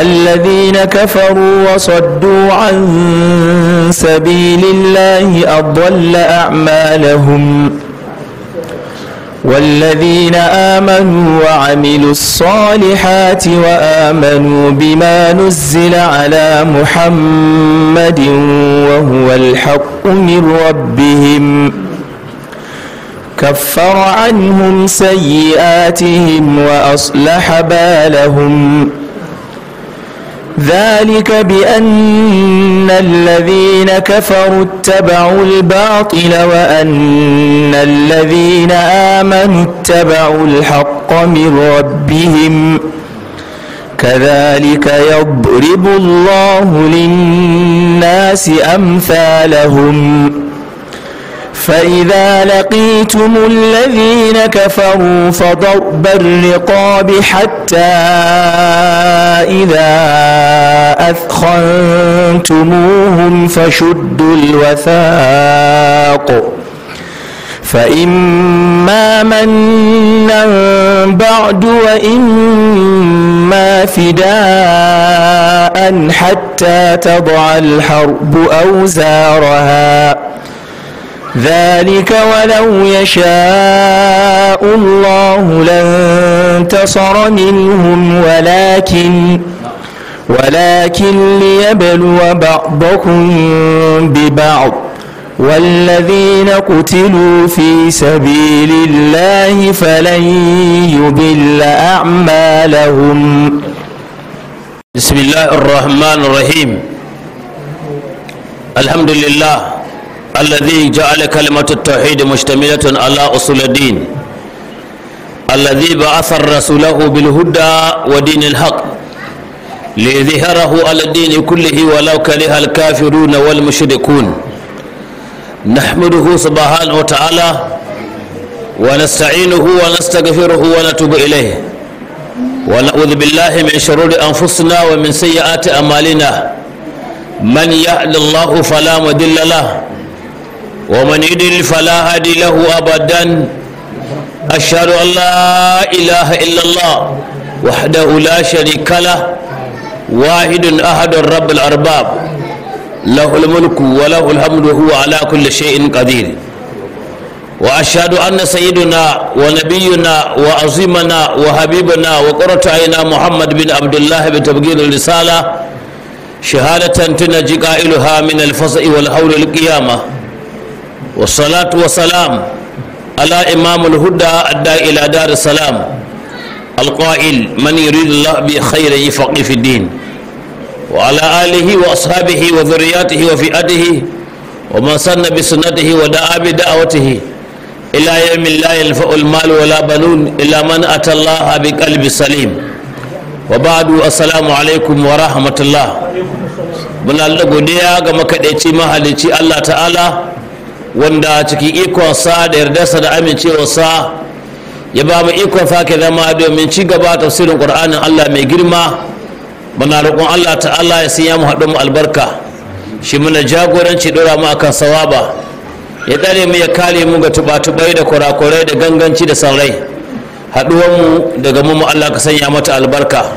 الذين كفروا وصدوا عن سبيل الله أضل أعمالهم والذين آمنوا وعملوا الصالحات وآمنوا بما نزل على محمد وهو الحق من ربهم كفر عنهم سيئاتهم وأصلح بالهم ذلك بأن الذين كفروا اتبعوا الباطل وأن الذين آمنوا اتبعوا الحق من ربهم كذلك يضرب الله للناس أمثالهم فإذا لقيتم الذين كفروا فضرب الرقاب حتى إذا أثخنتموهم فشدوا الوثاق فإما منا بعد وإما فداء حتى تضع الحرب أوزارها ذلك ولو يشاء الله لانتصر منهم ولكن ولكن ليبلو بعضكم ببعض والذين قتلوا في سبيل الله فلن يبل أعمالهم بسم الله الرحمن الرحيم الحمد لله الذي جعل كلمة التوحيد مشتملة على أصول الدين الذي بعث رسوله بالهدى ودين الحق ليظهره على الدين كله ولو كره الكافرون والمشركون نحمده سبحانه وتعالى ونستعينه ونستغفره ونتوب إليه ونعوذ بالله من شرور أنفسنا ومن سيئات أمالنا من يهد الله فلا مضل له ومن يدل فلا هادي له أبدا أشهد أن لا إله إلا الله وحده لا شريك له واحد أحد الرب الأرباب له الملك وله الحمد وهو على كل شيء قدير وأشهد أن سيدنا ونبينا وعظيمنا وحبيبنا وقرة عينا محمد بن عبد الله بتبجيل الرسالة شهادة تنجي قائلها من الفصل والحول القيامة والصلاة والسلام على إمام الهدى أدى إلى دار السلام القائل من يريد الله بخير يفقه في الدين وعلى آله وأصحابه وذرياته وفئته ومن سن بسنته ودعا بدعوته إلى يوم لا ينفع المال ولا بنون إلا من أتى الله بقلب سليم وبعد السلام عليكم ورحمة الله muna da godiya ga makaɗaici mahalicci Allah ta'ala wanda cikin ikonsa da yardarsa da amincewa sa ya ba mu ikon fake zama domin ci gaba tafsirin ƙur'anin allah mai girma muna roƙon allah ta'ala ya sanya mu haɗu mu albarka shi muna jagoranci ɗora mu akan sawaba ya tsare mu ya kare mu ga tuba-tubai da kurakurai da ganganci da saurai haɗuwar mu daga mu allah ka sanya mata albarka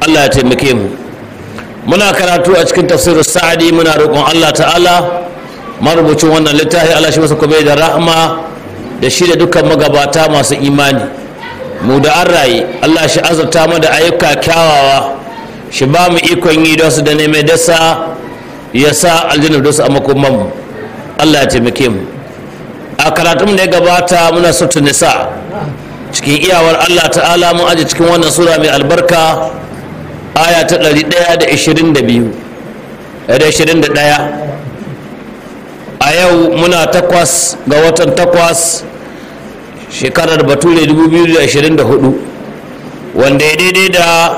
allah ya taimake mu muna karatu a cikin tafsirin sa'adi muna roƙon allah ta'ala marubucin wannan littafi Allah shi masa kuma da rahama da shi da dukkan magabata masu imani mu da an raye Allah shi azurta mu da ayyuka kyawawa shi ba mu ikon yi don su da neman dasa ya sa aljanna da su a makoman mu Allah ya taimake mu a karatun da ya gabata muna sutun nisa cikin iyawar Allah ta'ala mun aje cikin wannan sura mai albarka aya ta 121 da 21 a yau muna takwas ga watan takwas shekarar bature 2024 wanda ya daidai da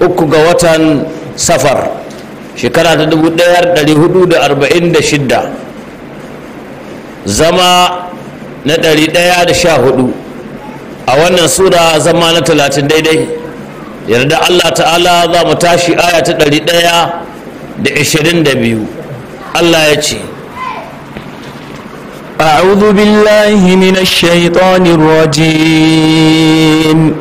uku ga watan safar shekara ta 1446 zama na 114 a wannan sura zama na 30 daidai yarda allah ta'ala za mu tashi aya ta 122 Allah ya ce أعوذ بالله من الشيطان الرجيم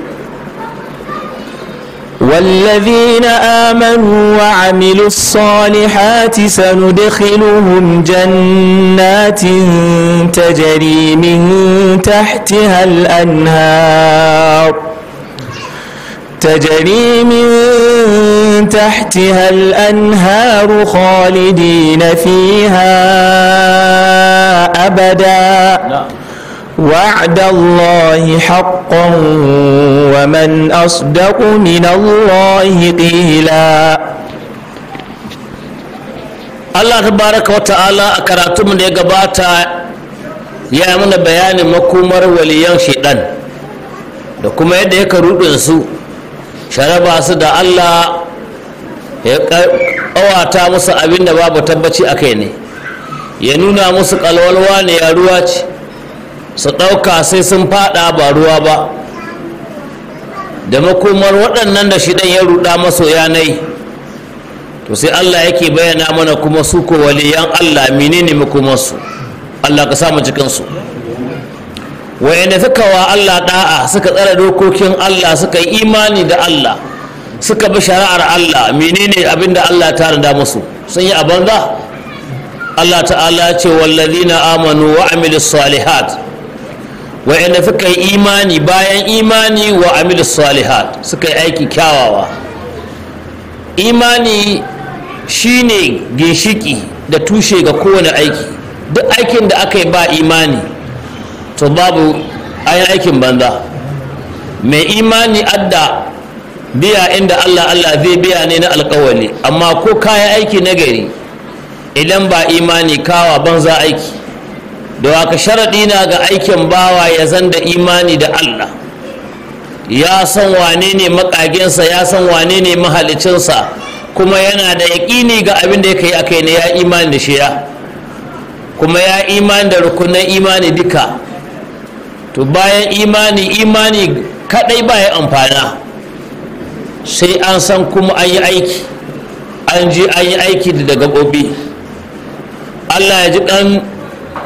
والذين آمنوا وعملوا الصالحات سندخلهم جنات تجري من تحتها الأنهار تجري من تحتها الأنهار خالدين فيها أبدا نعم وعد الله حقا ومن أصدق من الله قيلا Allah tabaraka wa ta'ala a karatunmu da ya gabata ya mana bayanin makomar waliyan shaidan da kuma yadda ya karudin su sharaba su da Allah ya ƙawata musu abinda babu tabbaci a kai ne ya nuna musu kalwalwa ne ya ruwa ce su ɗauka sai sun faɗa ba ruwa ba da makomar waɗannan da shidan ya ruɗa maso yanayi. to sai allah yake bayyana mana kuma su ko waliyan allah menene makomarsu allah ka samu cikinsu wayanda suka wa allah da'a suka tsara dokokin allah suka yi imani da allah suka bi shari'ar allah menene abin da allah ta rada musu sun yi a banza Allah ta'ala ce na amanu wa amilus salihat wa'anda suka yi imani bayan imani wa amilus salihat suka yi aiki kyawawa imani shine ginshiki da tushe ga kowane aiki duk aikin da aka yi ba imani to babu ayan aikin banza mai imani adda biya inda Allah Allah zai biya ne na alkawali amma ko kayan aiki na gari idan ba imani kawa banza aiki da waka sharaɗi na ga aikin bawa ya zan da imani da Allah ya san wane ne makagensa ya san wane ne mahalicinsa kuma yana da yaƙini ga abin da yake yi akai ne ya imani da shiya kuma ya imani da rukunan imani duka to bayan imani imani kadai ya amfana sai an san kuma an yi aiki an ji an yi aiki da gobe. allah ya ji ɗan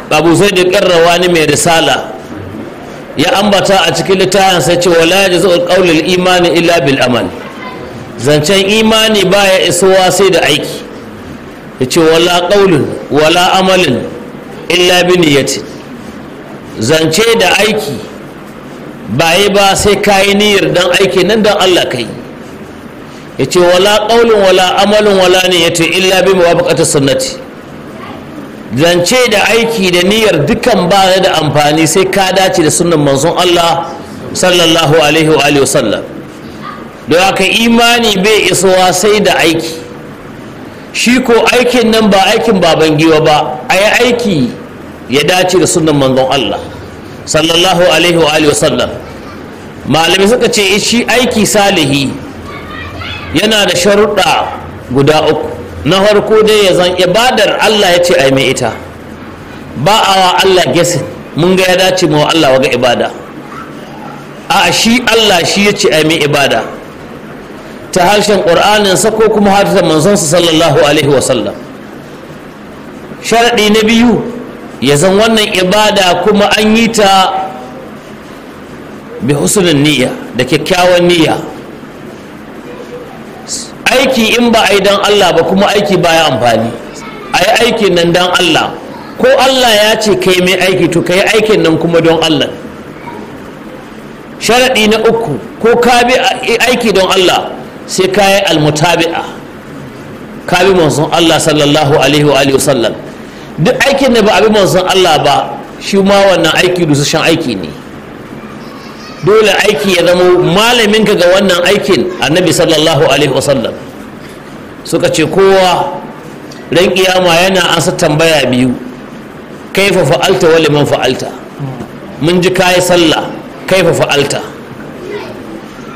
abu sai da ƙarrawa ne mai risala ya ambata a cikin littafin sai ce wala ya ji ƙaunar imani illa bil amal zancen imani baya isowa sai da aiki ya ce wala ƙaunin wala amalin illa bi niyyati zance da aiki ba yi ba sai kayi niyyar don aiki nan don allah kai ya ce wala ƙaunin wala amalin wala niyyatin illa bi mawafaqatis sunnati zance da aiki da niyyar dukan ba da amfani sai ka dace da sunan manzon Allah sallallahu alaihi wa alihi wasallam don haka imani bai isowa sai da aiki shi ko aikin nan ba aikin baban giwa ba a yi aiki ya dace da sunan manzon Allah sallallahu alaihi wa alihi wasallam malami suka ce shi aiki salihi yana da sharuɗa guda uku na farko dai ya zan ibadar Allah ya ce a mai ita ba a wa Allah gesi mun ga ya dace ma Allah waga ibada a shi Allah shi ya ce a mai ibada ta harshen ƙur'anin sa ko kuma hadisan manzon sa sallallahu alaihi wasallam sharadi na biyu ya zan wannan ibada kuma an yi ta bi husnul niyya da kyakkyawan niyya aiki in ba a yi dan Allah ba kuma aiki ba ya amfani a yi aikin nan dan Allah ko Allah ya ce kai mai aiki to ka yi aikin nan kuma don Allah sharaɗi na uku ko ka bi aiki don Allah sai ka yi almutabi'a ka bi manzon Allah sallallahu alaihi wa alihi wasallam duk aikin da ba a bi manzon Allah ba shi ma wannan aiki dusashen aiki ne dole aiki ya zama malaminka ga wannan aikin annabi sallallahu alaihi wasallam suka ce kowa ran kiyama yana ansa tambaya biyu kaifa fa'alta wa liman fa'alta mun ji kayi sallah kaifa fa'alta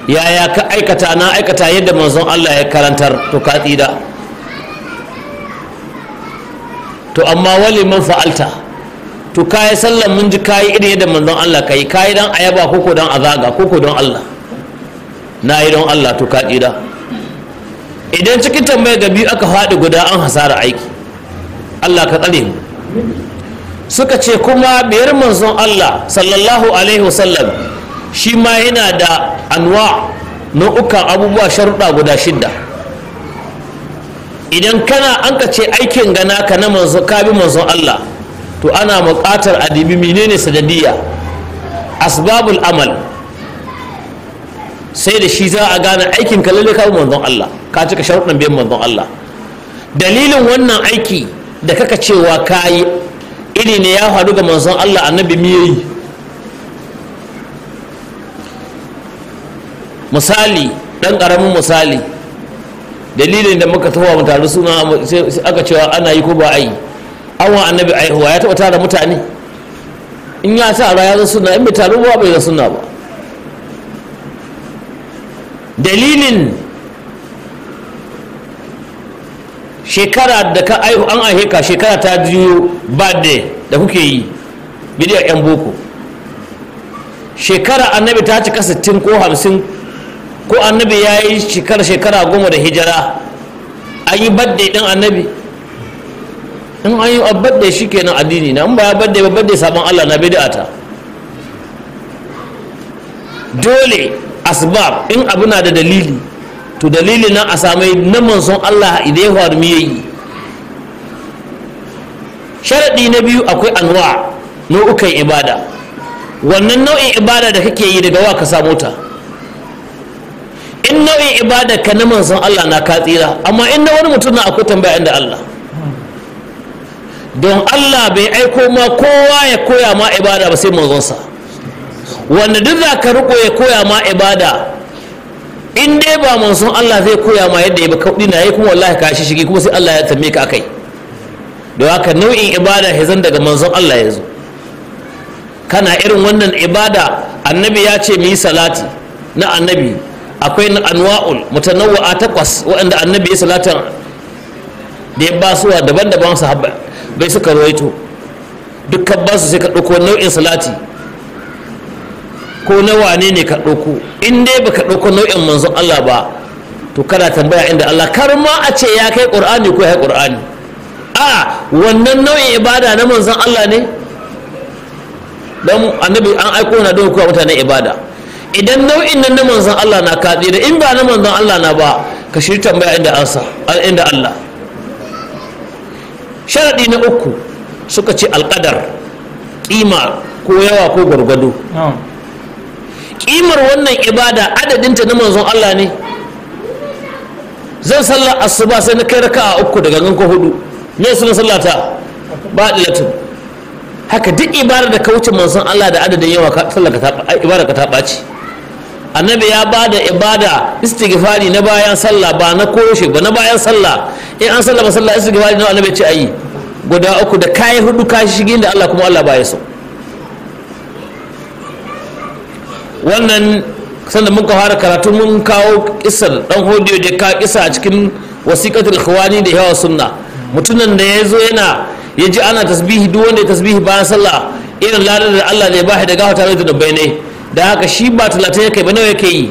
yaya ka aikata na aikata yadda manzon Allah ya karantar to ka tsida to amma wa liman fa'alta to kayi sallan mun ji kayi irin yadda manzon Allah kayi kayi dan ayaba koko dan azaga koko don Allah na yi don Allah to ka ƙida idan cikin tambaya gabi aka faɗi guda an hasara aiki Allah ka tsare mu suka ce kuma biyar manzon Allah sallallahu alaihi wasallam shi ma yana da anwa nau'ukan abubuwa sharuɗa guda shidda idan kana an ka ce aikin gana ka na manzo ka bi manzon Allah to ana buƙatar a mine menene sanadiyya asbabul amal sai da shi za a gane aikin ka lalle ka manzon Allah ka cika sharuɗin biyan manzon Allah dalilin wannan aiki da kaka cewa kayi iri ne ya faru ga manzon Allah annabi miyayi misali dan karamin misali dalilin da muka tawa mutane suna aka cewa ana yi ko ba a yi awon annabi aihuwa ya taɓa tara mutane in ya tara ya zo suna in bai taru ba bai zo suna ba dalilin shekara da ka aihu an aheka shekara ta biyu birthday da kuke yi bidiyar yan boko shekara annabi ta cika 60 ko 50 ko annabi ya yi shekara shekara goma da hijira an yi birthday din annabi in an yi abadde shi kenan addini na in ba abadde ba badde sabon allah na bid'a ta dole asbab in abu na da dalili to dalili na a samai na manzon allah idan ya faru yayi sharaɗi na biyu akwai anwa nau'ukan ibada wannan nau'in ibada da kake yi daga wa ka samu ta in nau'in ibada ka na manzon Allah na ka tsira amma in na wani mutum na akwai tambaya inda Allah don Allah bai aiko ma kowa ya koya ma ibada ba sai manzonsa wanda duk za ka riko ya koya ma ibada in dai ba manzon Allah zai koya ma yadda ya baka na ya kuma wallahi ka shi kuma sai Allah ya tambaye ka kai. da haka nau'in ibada ya zan daga manzon Allah ya zo kana irin wannan ibada annabi ya ce mu yi salati na annabi akwai na anwa'ul mutanawwa'a takwas waɗanda annabi ya salatan da ya basuwa daban-daban sahaba bai suka ruwaito dukkan ba su sai ka ɗauko nau'in salati ko na wane ne ka ɗauko in dai baka ɗauko nau'in manzon Allah ba to kana tambaya inda Allah kar ma a ce ya kai Qur'ani ko ya Qur'ani a wannan nau'in ibada na manzon Allah ne dan annabi an aiko na don kuwa mutanen ibada idan nau'in nan na manzon Allah na kadi da in ba na manzon Allah na ba ka shiri tambaya inda ansa inda Allah sharaɗi na uku suka ce alƙadar ƙima ko yawa ko gwargwado ƙimar wannan ibada adadinta na manzon Allah ne zan sallar asuba sai na kai raka a uku daga gangan ko hudu me suna sallata ba latin haka duk ibada da ka wuce manzon Allah da adadin yawa sallar ka ta ibada ka ta ɓaci annabi ya bada ibada istighfari na bayan sallah ba na koshe ba na bayan sallah in an sallah ba sallah istighfari na annabi ce ayi guda uku da kayan hudu kashi shige da Allah kuma Allah ba ya so wannan sanda muka fara karatu mun kawo kisar dan hodiyo da ka kisa a cikin wasiqatul khawani da yawa sunna mutunan da ya zo yana ya ji ana tasbihi duk wanda ya tasbihi bayan sallah irin ladar da Allah ne ba shi da gafata da dabbai ne da haka shi ba talatin ya kai ba nawa yake yi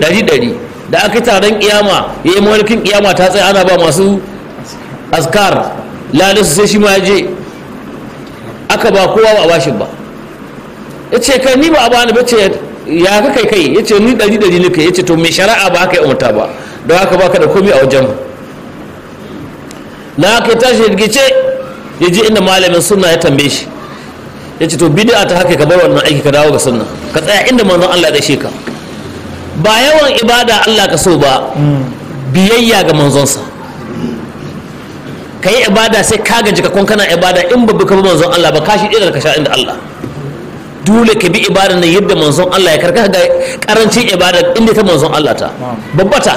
dari dari da aka yi taron kiyama ya yi mawarkin kiyama ta tsaye ana ba masu askar lalisu sai shi ma je aka ba kowa ba a bashin ba ya ce kai ni ba a bani ba ce ya ka kai kai ya ce ni dari dari nuka kai ya ce to mai shari'a ba haka yi umarta ba don haka ba ka da komi a wajen na haka ya tashi rigice ya je inda malamin suna ya tambaye shi ya ce to bid'a ta haka ka bar wannan aiki ka dawo ga sunna ka tsaya inda manzon Allah ya dace ka ba yawan ibada Allah ka so ba biyayya ga manzonsa ka yi ibada sai ka gaji ka kun kana ibada in ba ka manzon Allah ba ka shi ɗaya ka sha inda Allah dole ka bi ibada ne yadda manzon Allah ya karka ga karancin ibada inda ta manzon Allah ta babbata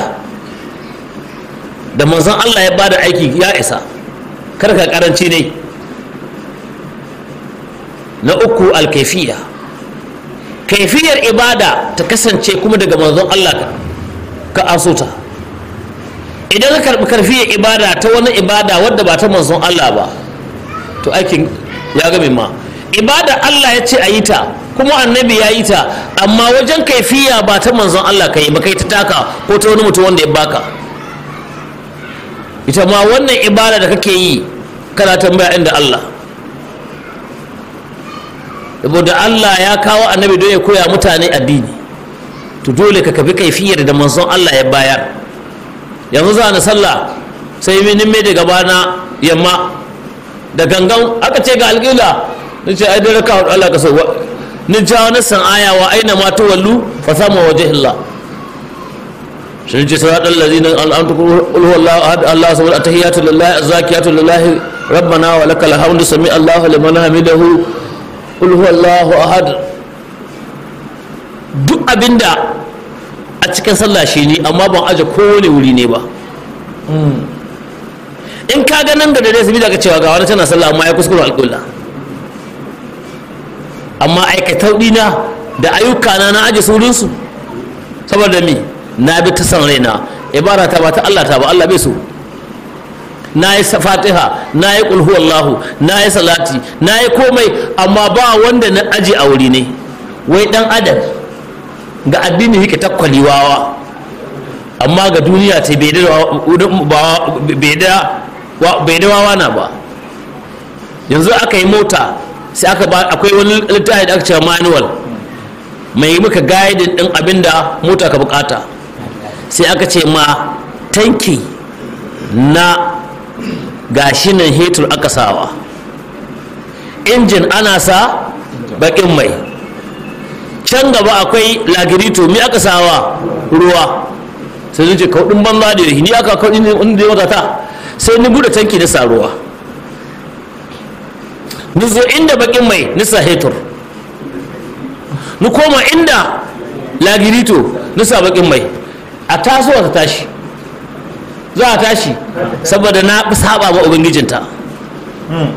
da manzon Allah ya bada aiki ya isa karka karanci ne na uku alkaifiya kaifiyar ibada ta kasance kuma daga manzon Allah ka asuta idan ka karbi karfiyar ibada ta wani ibada wadda ba ta manzon Allah ba to aikin ya ga ma ibada Allah ya ce ayi ta kuma annabi ya yi ta amma wajen kaifiya ba ta manzon Allah ka yi ba kai ta taka ko ta wani mutum wanda ya baka ita ma wannan ibada da kake yi kana tambaya inda Allah saboda Allah ya kawo annabi don ya koya mutane addini to dole ka kafi kaifiyar da manzon Allah ya bayar yanzu za na sallah sai minin mai daga bana yamma da gangan aka ce ga alƙila ni ce ai dole ka hudu Allah ka so ni ja wani san aya wa aina ma ta wallu fa sama Shin shi ce sura dal ladina al'amtu qul huwallahu ahad Allah subhanahu wa ta'ala lillahi zakiyatu lillahi rabbana wa lakal hamdu sami Allah liman hamidahu ulhuwallahu ahad duk abinda a cikin sallah shi ne amma ban aje kowane wuri ne ba in ka ga nan da dare su bi daga cewa ga wani tana sallah amma ya kuskure alƙulla amma aikatau na da ayyuka na na aje su saboda mi na bi ta san raina ibara ta ba ta Allah ta ba Allah bai so na yi fatiha na yi ƙulhuwallahu na yi salati na yi komai amma ba wanda na aji a wuri ne wai ɗan adam ga addini yake takwaliwawa amma ga duniya ta bai da wawa na ba yanzu aka yi mota sai aka ba akwai wani littafi da aka cewa manual mai maka guiding din abin da mota ka bukata sai aka ce ma tanki na ga shi nan hetur aka sawa injin ana sa bakin mai can gaba akwai lagirito mi aka sawa ruwa sai zuce kaudin banza da ni aka kaudin inda ya magata sai ni bude tanki na sa ruwa ni zo inda bakin mai ni sa hetur ni koma inda lagirito ni sa bakin mai a tasowa ta tashi za a tashi saboda na fi saba ba ubangijinta hmm.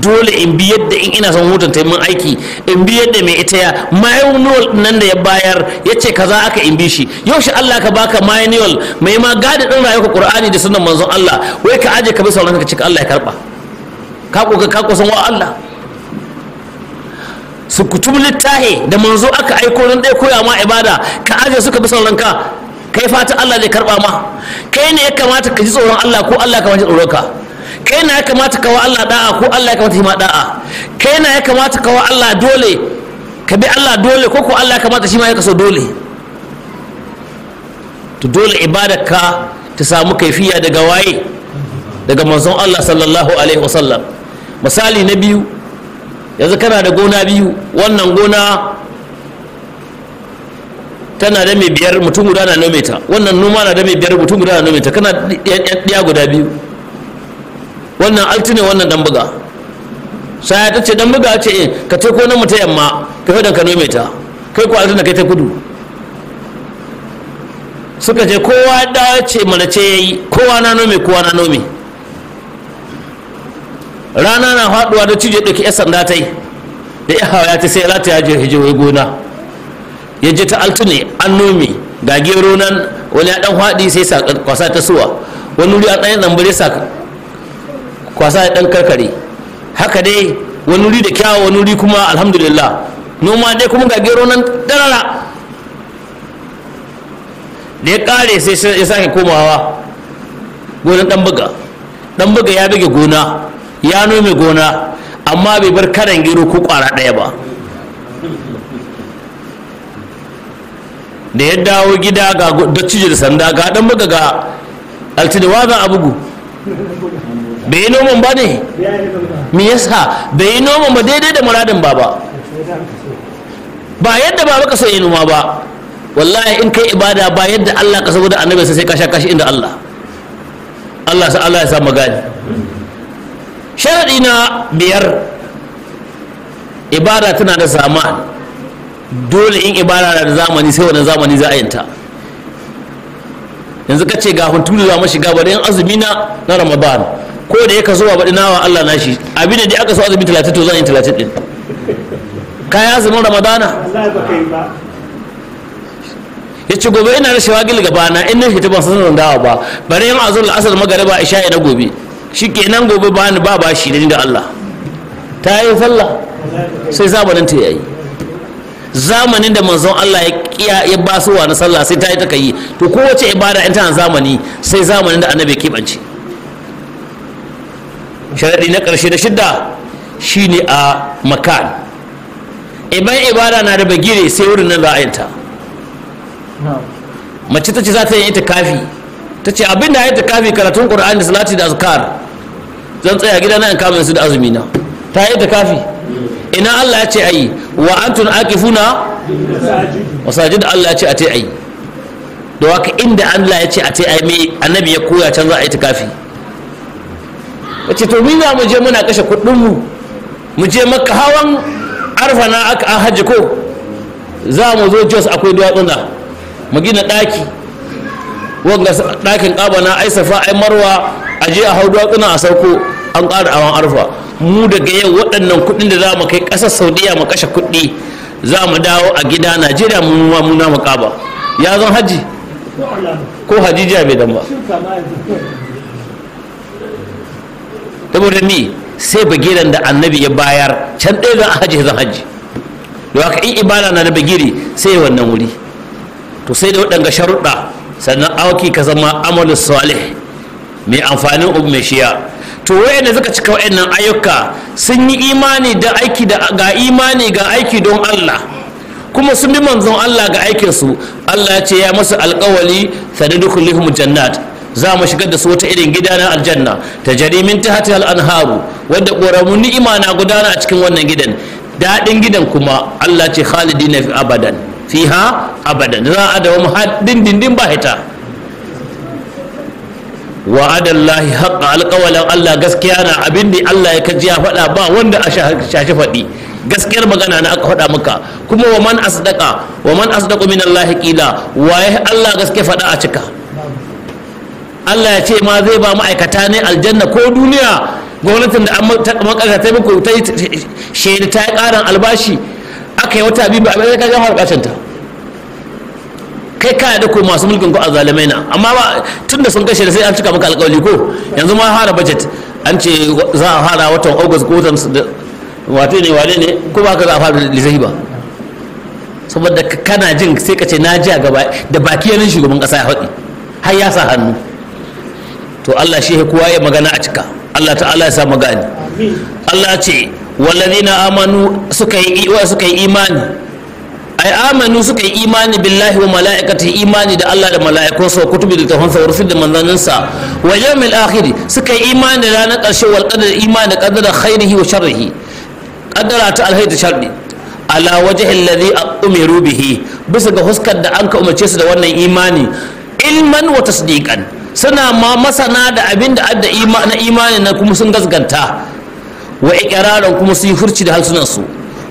dole in bi yadda in ina son hutun ta aiki in bi yadda mai ita ya manual nan da ya bayar ya ce kaza aka in bi shi yau shi Allah ka baka manual mai ma gadi din rayuwar Qur'ani da sunan manzon Allah wai ka aje ka bi sauran ka cika Allah ya karba ka koka ka kusan wa Allah su kutub littahi da manzo aka aiko nan dai koya ma ibada ka aje suka bi sauran ka kai fata Allah zai karba ma kai ne ya kamata ka ji tsoron Allah ko Allah ka ji tsoron ka kai na ya kamata ka wa Allah da'a ko Allah ya kamata yi ma da'a kai na ya kamata ka wa Allah dole ka bi Allah dole ko ko Allah ya kamata shi ma ya kaso dole to dole ibada ka ta samu kaifiya daga waye daga manzon Allah sallallahu alaihi wasallam misali na biyu yanzu kana da gona biyu wannan gona tana da mai biyar mutum guda na nome ta wannan noma na da mai biyar mutum guda na nome ta kana ɗaya guda biyu wannan alti ne wannan dan buga saya ta ce dan buga ce eh, ka ce ko na mu ta yamma ka fi ka nome ta kai ko alti na kai ta kudu suka ce kowa da ce mana ce yayi kowa na nome kowa na nome rana na faduwa da cije ɗauki yasan da ta yi da ya hawa ya ta sai lati ya je hijiyoyi gona ya je ta altune an nomi ga gero nan wani ya dan haɗi sai kwasa ta suwa wani wuri an ɗanyen ɗanbare sa kwasa ya ɗan karkare haka dai wani wuri da kyawa wani wuri kuma alhamdulillah noma dai kuma ga gero nan ɗarara da ya ƙare sai ya sake komawa gonan ɗan buga ɗan buga ya buge gona ya nome gona amma bai bar karan gero ko ƙwara ɗaya ba da ya dawo gida ga dattijo da sanda ga dan buga ga altidawa za a bugu bai yi noman ba ne me yasa bai yi noman ba daidai da muradin ba ba Ba yadda baba ka so yi noma ba wallahi in kai ibada ba yadda Allah ka saboda annabi sai ka sha kashi inda Allah Allah sa Allah ya sa magani sharadi na biyar ibada tana da zamani dole in ibada da zamani sai wannan zamani za a yanta yanzu ka ce ga hunturu za mu shiga bari 'yan azumi na na ramadan ko da yake zuwa ba baɗi nawa allah na shi abin da dai aka so azumi talatin to zan yi talatin ɗin yi azumin ramadana ya ce gobe ina da shawagil gaba na in na fita ban san zangawa ba bari 'yan azul asar magariba isha ina gobe shi nan gobe ba ni ba ba shi da ni da allah ta yi sallah sai zamanin ta yayi zamanin da manzon Allah ya ya ba su na sallah sai ta yi ta kai to kowace ibada in tana zamani sai zamanin da annabi ya bance sharadi na karshe da shidda shine a makan Iban ibada na da bagire sai wurin nan za a ta mace ta ce za ta yi ita kafi ta ce abinda ya ta kafi karatun qur'ani da salati da azkar zan tsaya gidana in kama su da azumi na ta yi ta kafi ina Allah ya ce ayi wa Wasu aqifuna masajid Allah ya ce a te ayi da waka inda Allah ya ce a te ayi mai annabi ya koya can za a yi tikafi yace to mun za mu je muna kashe kuɗin mu mu je makka hawan arfa na aka an hajji ko za mu zo jos akwai duwatsuna mu gina ɗaki wanga ɗakin kaba na ai safa ai marwa a je a hau duwatsuna a sauko an ƙara awan arfa mu daga yau waɗannan kuɗin da za mu kai ƙasar saudiya mu kashe kuɗi za mu dawo a gida najeriya mu ma mu na makaba ya zan haji ko hajjijiya bai dan ba saboda ni sai bagiran da annabi ya bayar can ɗaya zan haji zan haji da haka in ibada na da bagiri sai wannan wuri to sai da waɗanga sharuɗa sannan auki ka zama amalus salih mai amfanin ubu mai shiya to wayanda suka cika wayannan ayyuka sun yi imani da aiki da ga imani ga aiki don Allah kuma sun bi manzon Allah ga aikin su Allah ya ce ya masa alƙawali sadadukullihum jannat za mu shigar da su wata irin gida na aljanna ta jarimin ta hatar anharu wadda ƙoramu ni'ima na gudana a cikin wannan gidan daɗin gidan kuma Allah ce khalidi na fi abadan fiha abadan za a da wani dindindin ba hita wa'adallahi haqqa alƙawalin Allah gaskiya na abin da Allah ya kaji ya faɗa ba wanda a shashi faɗi gaskiyar magana na aka faɗa maka kuma wa man asdaqa wa man asdaqu min Allah qila waye Allah gaskiya faɗa a cika Allah ya ce ma zai ba ma'aikata ne aljanna ko duniya gwamnatin da an makarta ta muku ta yi ta yi ƙarin albashi aka yi wata biyu ba a ka ga harbacin ta kai ka da ko masu mulkin ko azalimai na amma ba tun da sun kashe da sai an cika maka alƙawari ko yanzu ma fara budget an ce za a fara watan august ko watan wato ne wane ne ko ba ka za a fara lissafi ba saboda kana jin sai ka ce na ji a gaba da baki yanin shugaban kasa ya faɗi har ya sa hannu to Allah shi kowa ya magana a cika Allah ta'ala ya sa magani Allah ce wallazina amanu suka yi suka yi imani ai amanu suka yi imani billahi wa mala'ikati imani da Allah da mala'ikunsa wa kutubi da tahunsa wa rusul da manzanninsa wa yawmil akhir suka yi imani da ranar karshe wal qadar imani da qadar khairihi wa sharrihi qadara ta alhayd sharri ala wajhi alladhi umiru bihi bisa ga huskar da an ka umarce su da wannan imani ilman wa tasdiqan suna ma masana da abin da adda na imani na kuma sun gasganta wa iqraran kuma sun yi furci da halsunansu su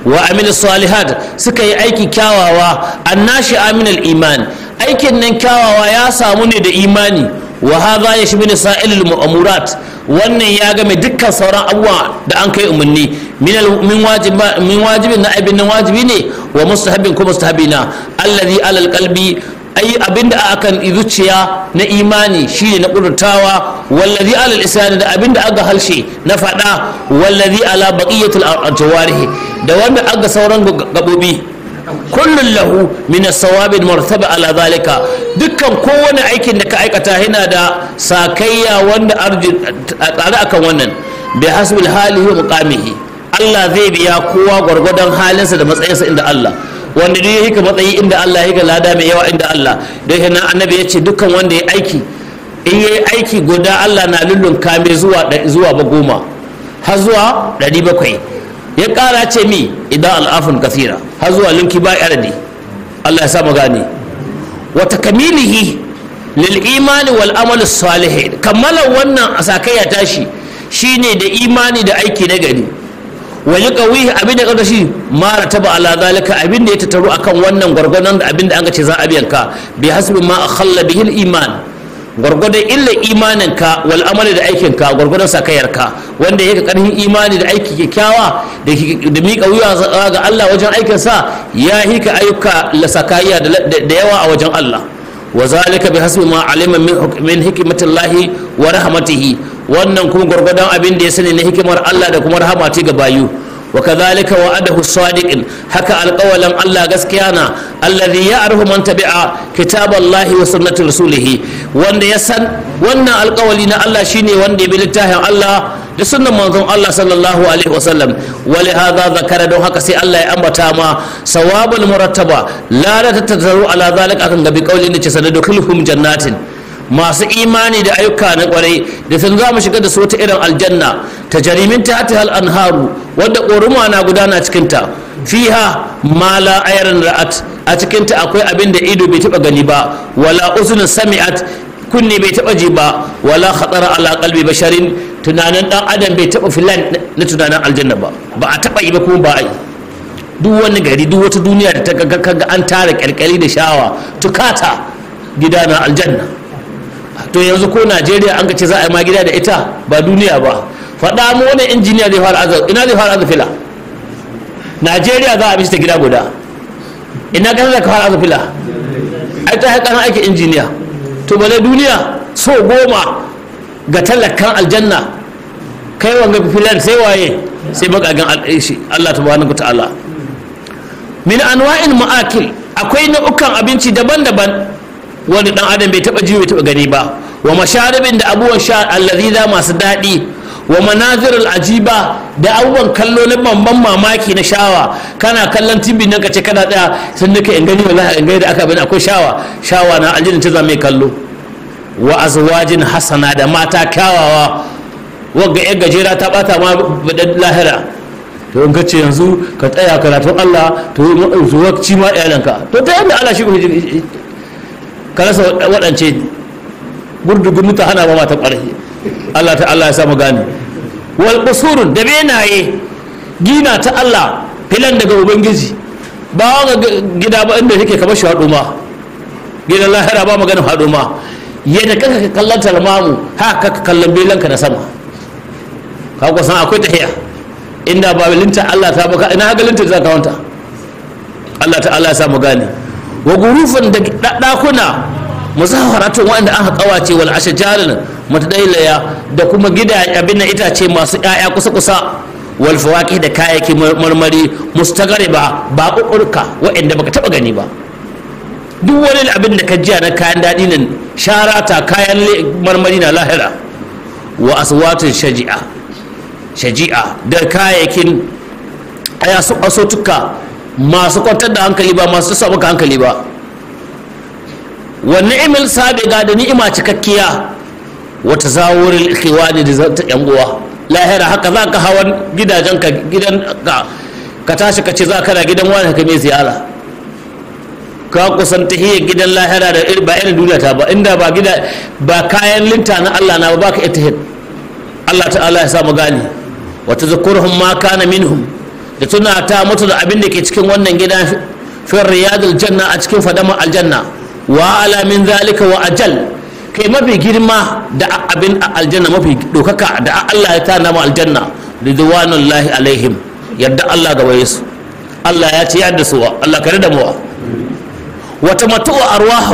wa amil salihat suka yi aiki kyawawa annashi aminal iman aikin nan kyawawa ya samu ne da imani wa hadha yashmilu sa'ilul mu'amurat wannan ya game dukkan sauran abubuwa da an kai umarni min wajibin na abin nan wajibi ne wa mustahabin ko mustahabina allazi alal qalbi ai abinda akan zuciya na imani shine na kudurtawa wallazi alal lisan da abinda aka halshe na fada wallazi ala baqiyatul jawarih da wanda aga sauran gabobi kullun lahu min as-sawabi martaba ala zalika dukkan kowane aikin da ka aikata yana da sakayya wanda arji tsare akan wannan bi hasbil halihi wa muqamihi Allah zai biya kowa gwargwadon halinsa da matsayinsa inda Allah wanda duk ya hika matsayi inda Allah ya hika lada mai yawa inda Allah don hina annabi ya ce dukkan wanda ya aiki in ya yi aiki guda Allah na lullun kame zuwa zuwa ba goma har zuwa ɗari ya ƙara ce mi idan al'afun kasira har zuwa lunki ba yardi Allah ya sa mu gane wa takamilihi lil imani wal amal salihin kammalar wannan asakaiya tashi shine da imani da aiki na gari wa yi kawihi abin da ya shi mara taba ala zalika abin da ya tattaru akan wannan gwargwadon abin da an ce za a biyanka bi hasbi ma akhalla bihi iman gwargwadon illa imanin ka wal da aikin ka gwargwadon sakayar ka wanda yake karhin imani da aiki kyakkyawa da miƙa wuya ga Allah wajen aikin sa ya hika ayyuka la sakayya da yawa a wajen Allah wa zalika bi hasbi ma alima min hikmatillahi wa rahmatihi wannan kuma gwargwadon abin da ya sani na hikimar Allah da kuma rahama ce ga bayu wa kadhalika wa'adahu sadiqin haka alƙawalan Allah gaskiya na alladhi ya'rifu man tabi'a kitaballahi wa sunnati rasulih wanda ya san wannan alƙawali na Allah shine wanda ya bi littafin Allah da sunan manzon Allah sallallahu alaihi wasallam wale hadha zakara don haka sai Allah ya ambata ma sawabul murattaba la la tatazaru ala zalika akan gabi kauli ne ce kulhum jannatin masu imani da ayyuka na kwarai da sun za mu shiga da su wata irin aljanna ta jarimin ta hati hal anharu wadda koruma na gudana cikinta fiha mala ayran ra'at a cikinta akwai abin da ido bai taɓa gani ba wala uzunin sami'at kunne bai taba ji ba wala khatara ala qalbi basharin tunanin dan adam bai taba filan na tunanin aljanna ba ba a taba yi ba kuma ba a yi duk wani gari duk wata duniya da ta kaga an tara kyalkyali da shawa tukata gida na aljanna to yanzu ko najeriya an ce za a yi ma gida da ita ba duniya ba faɗa mu wani injiniya zai fara azar ina zai fara azar fila najeriya za a bishi ta gida guda ina kasar da ka fara azar fila ai ta haƙa aiki injiniya to ba na duniya so goma ga talakan aljanna kai wanga filan sai waye sai baka bakagan Allah tabaraka ta'ala min anwa'in ma'akil akwai nau'ukan abinci daban-daban wanda dan adam bai taba ji bai taba gani ba wa masharibin da abubuwan sha allazi masu dadi. wa manazirul ajiba da abubuwan kallo na bamban mamaki na shawa kana kallon tibin nan kace kana daya sun nake in gani wallahi in gani da aka bani akwai shawa shawa na aljinin ta zama kallo wa azwajin hasana da mata kyawawa wagga yan gajera ta bata ma lahira to in kace yanzu ka tsaya karatun Allah to zuwakci ma iyalanka to ta yanda Allah shi ka rasa waɗance gurdugun ta hana ba mata ƙarfi Allah ta Allah ya samu gani wal qusurun da benaye gina ta Allah filan daga ubangiji ba wa gida ba inda yake kamar shi ma gidan lahira ba magana haɗu ma yadda kanka ka kallon talmamu ha ka kallon belanka na sama ka ku san akwai tahiya inda ba linta Allah ta baka ina haka linta zaka wanta Allah ta Allah ya samu gani. wa gurufin da dakuna musaharatun wanda aka kawace wal ashjarin mutadailaya da kuma gida abin na itace masu yaya kusa kusa wal fawaqih da kayayyaki marmari mustagariba ba kukurka wa'anda baka taba gani ba duk wani abin da ka jiya na kayan daɗi nan sharata kayan marmari na lahira wa aswatun shaji'a shaji'a da kayayyakin aya su asotuka masu kwantar da hankali ba masu sabuka hankali ba wa ni'imil sabiga da ni'ima cikakkiya wa tazawuril ikhwani da zanta yan uwa lahira haka za ka hawan gidajen ka gidan ka ka tashi ka ce za ka na gidan wani ka mai ziyara ka kusan tahiyar gidan lahira da ba ina duniya ta ba inda ba gida ba kayan linta na Allah na ba ka ita Allah ta'ala ya samu gani wa tazkurhum ma kana minhum da tuna ta mutu da abin da ke cikin wannan gida fi riyadul janna a cikin fadama aljanna wa ala min zalika wa ajal kai mafi girma da abin aljanna mafi dokaka da Allah ya tana mu aljanna ridwanullahi alaihim yadda Allah gabaye su Allah ya ci yadda su Allah kare da mu wa tamattu arwah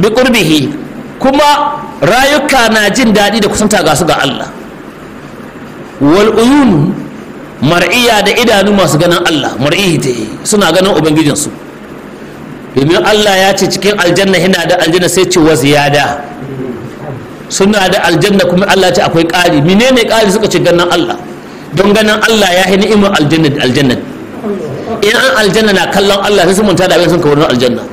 bi qurbihi kuma rayuka na jin daɗi da kusanta ga su ga Allah wal uyun mar'iya da idanu masu ganin Allah mar'ihi ta yi suna ganin ubangijinsu domin Allah ya ce cikin aljanna yana da aljanna sai ce wa ziyada suna da aljanna kuma Allah ce akwai ƙari menene ƙari suka ce ganin Allah don ganin Allah ya yi ni'imar aljanna da aljanna in an aljanna na kallon Allah sai sun manta da abin sun kawo aljanna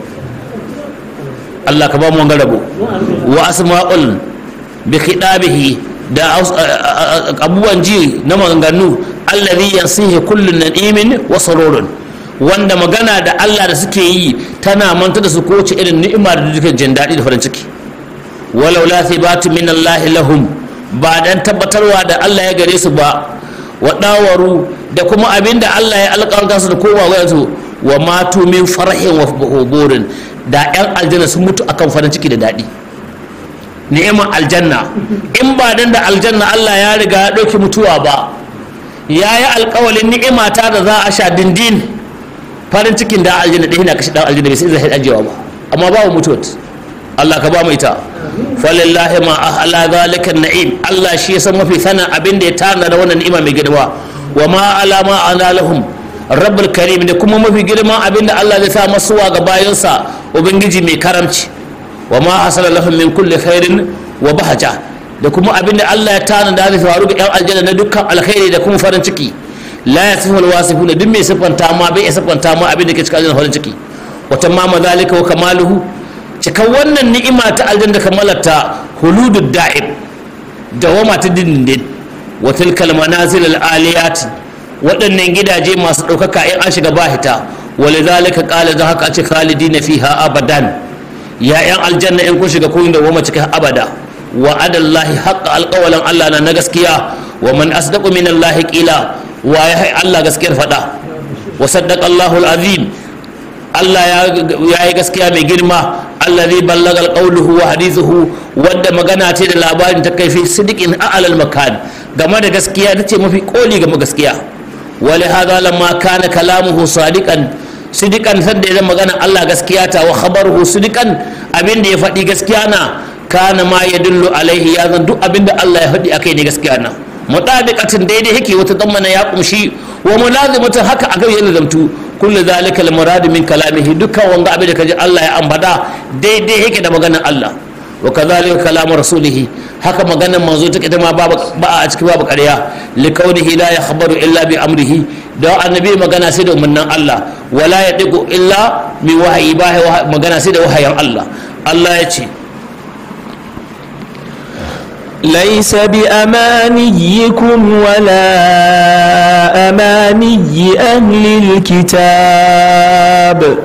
Allah ka ba mu wanga rabo wa asma'ul bi khidabihi da abubuwan ji na maganganu yi kullum na na'imin wasu rorin wanda magana da Allah da suke yi tana manta da su koci irin ni'ima da dukkan jin daɗi da farin ciki walau la tu min Allah lahum ba dan tabbatarwa da Allah ya gare su ba wa da kuma abin da Allah ya alƙawarta su da kowa wa yanzu wa matu min farahin wa da 'yan aljanna sun mutu akan farin ciki da daɗi ni'imar aljanna in ba dan da aljanna Allah ya riga ya ɗauki mutuwa ba ya yi alkawalin ta da za a sha dindin farin cikin da aljanna ɗaya na kashe ɗan aljanna bai sai zai ajewa ba amma babu mutuwa Allah ka ba mu ita falillahi ma ahla zalika na'im Allah shi ya san mafi sana abin da ya tana da wannan ni'ima mai girma wa ma alama ana lahum rabbul karim da kuma mafi girma abin da Allah zai sa masuwa ga bayansa ubangiji mai karamci wa ma asala lahum min kulli khairin wa bahaja da kuma abinda Allah ya tana da zai faru ga yan aljanna na dukkan alkhairi da kuma farin ciki la alwasifu na duk mai sifanta ma bai sifanta ma abinda ke cikin aljanna farin ciki wa tamama zalika wa kamaluhu cikan wannan ni'ima ta aljanna kamalata huludud da'ib dawama ta dindin wa tilkal manazil aliyat waɗannan gidaje masu ɗaukaka in an shiga bahita wa lidhalika qala za haka ce khalidina fiha abadan ya yan aljanna in kun shiga kun da goma cikin abada wa adallahi haqqa Allah na na gaskiya wa man asdaqu min Allah qila wa ya Allah gaskiyar fada wa saddaqa Allahu azim. Allah ya yi gaskiya mai girma allazi ballaga alqawluhu wa hadithuhu wadda magana ce da labarin ta kai fi sidiqin a'lal makan game da gaskiya tace mafi koli game gaskiya wa li hadha lamma kana kalamuhu sadiqan sidikan sadda ya magana Allah gaskiya ta wa khabaruhu sidikan abin da ya faɗi gaskiya na kana ma ya dullu alaihi ya zan duk abin da Allah ya faɗi akai ne gaskiya na mutabiqatin daidai yake wata dammana ya kumshi wa mulazimatin haka akai ya lazamtu kullu zalika al murad min kalamihi dukkan wanga abin da kaji Allah ya ambada daidai yake da maganar Allah wa kadhalika kalamu rasulihi haka maganar manzo take ta ma ba a cikin babu ƙarya li kaunihi la khabaru illa bi amrihi don annabi magana sai da umarnin Allah wala ya digo illa mi wahayi ba magana sai da wahayin Allah Allah ya ce ليس بأمانيكم ولا أماني أهل الكتاب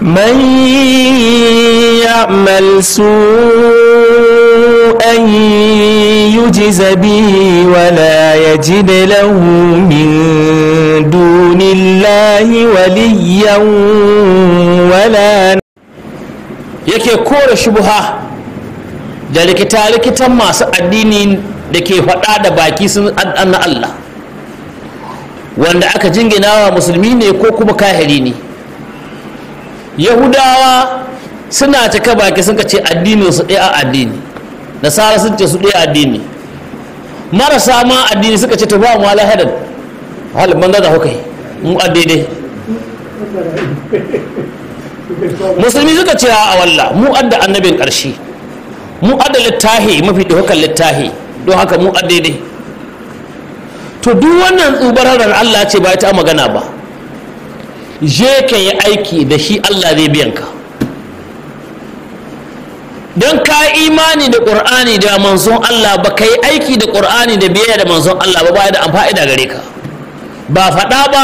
من يعمل سوءا يعجز به ولا يجد له من دون الله وليا ولا yake kore shubuha da likita-likitan masu addini da ke faɗa da baki sun na Allah wanda aka jingina wa musulmi ne ko kuma kahiri ne yahudawa suna cika baki sun ce addinin su ɗaya addini nasara sun ce su ɗaya addini marasa ma addini suka ce ta ba mu alahadar hal banza da hukai mu a musulmi suka ce a walla mu adda annabin ƙarshe mu adda littahi mafi ɗaukakan littahi don haka mu a to duk wannan da allah ce ba ta magana ba je ka yi aiki da shi allah zai biyan ka don ka imani da ƙur'ani da manzon Allah ba ka yi aiki da ƙur'ani da biyayya da manzon Allah ba bayan da amfa'ida gare ka ba faɗa ba